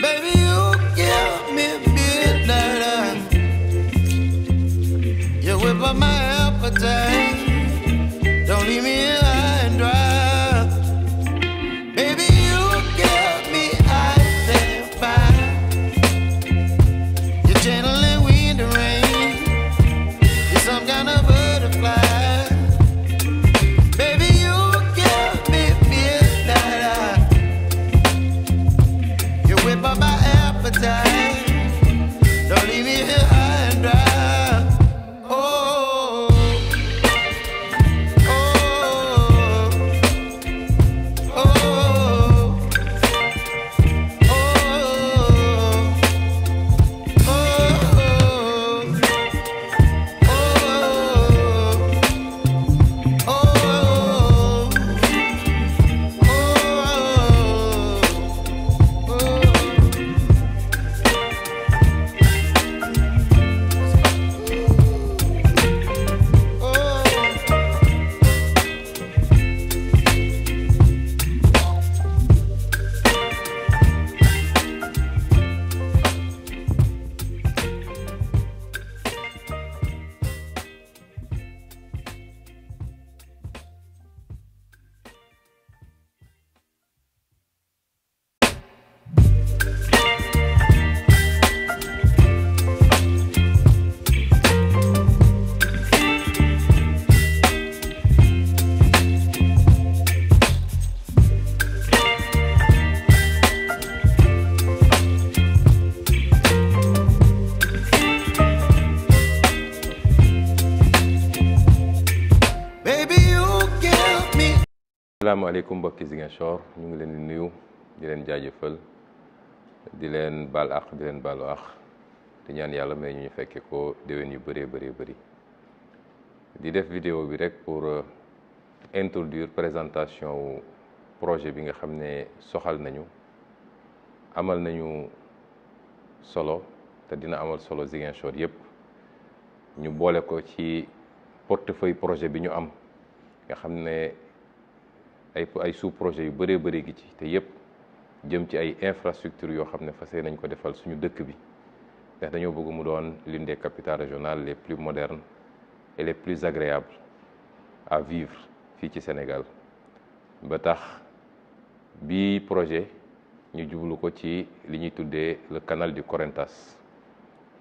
Baby, you give me midnight. You whip up my appetite. asalaamaaleykum mbokki Ziguinchor ñu ngi leen di nuyu di leen jaajëfal di leen baal àq di leen baalu àq di ñaan yàlla may ñu fekkee ko déwén yu bëree bëree bëri di def vidéo bi rek pour euh, introduire présentation wu projet bi nga xam ne soxal nañu amal nañu solo te dina amal solo Ziguinchor yépp ñu boole ko ci portefeuille projet bi ñu am nga xam ne ay ay sous projet yu bëree bëri gi ci te yépp jëm ci ay infrastructures yoo xam ne fas nañ ko defal suñu dëkk bi ndax dañoo bëgg mu doon l'une des capitales régionales les plus modernes et les plus agréables à vivre fii ci Sénégal ba tax bi projet ñu jublu ko ci li ñuy tuddee le canal du Correntas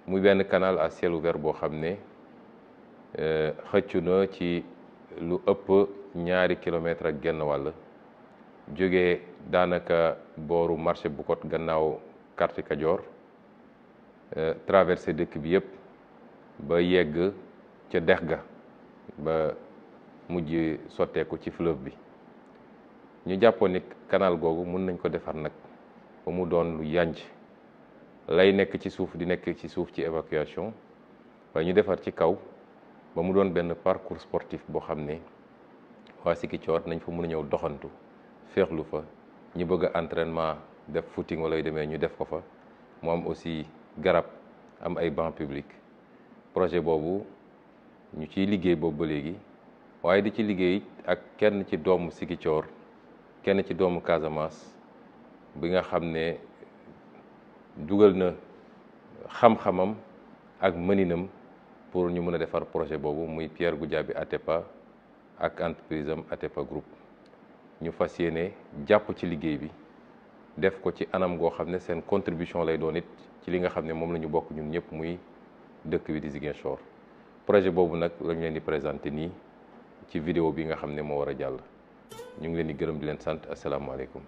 muy benn canal à ciel ouvert boo xam ne euh, xëccu na ci lu ëpp ñaari kilomètre ak genn wàll jóge daanaka booru marché bu kot gannaaw quartier Kajoor euh, traversé dëkk bi yëpp ba yegg ca dex ga ba mujj sotteeku ci fleuve bi ñu jàppoon ni canal googu mun nañ ko defar nag ba mu doon lu yànj lay nekk ci suuf di nekk ci suuf ci évacuation waaye ñu defar ci kaw ba mu doon benn parcours sportif boo xam ne waa Sikicoor nañ fa mun a ñëw doxantu féexlu fa ñu bëgg a entraînement def footing wala yu demee ñu def ko fa mu am aussi garab am ay banc public projet boobu ñu ciy liggéey boobu ba léegi waaye di ci liggéey ak kenn ci doomu Sikicoor kenn ci doomu Casamance bi nga xam ne dugal na xam-xamam ak mëninam pour ñu mën a defar projet boobu muy Pierre Goudiaby Atepa ak entreprise am Atepa Group ñu fas yéene jàpp ci liggéey bi def ko ci anam goo xam ne seen contribution lay doon ci li nga xam ne moom la ñu bokk ñun ñëpp muy dëkk bi di Ziguinchor projet boobu nag lañ leen di présenté nii ci vidéo bi nga xam ne moo war a jàll ñu ngi leen di gërëm di leen sant asalaamaaleykum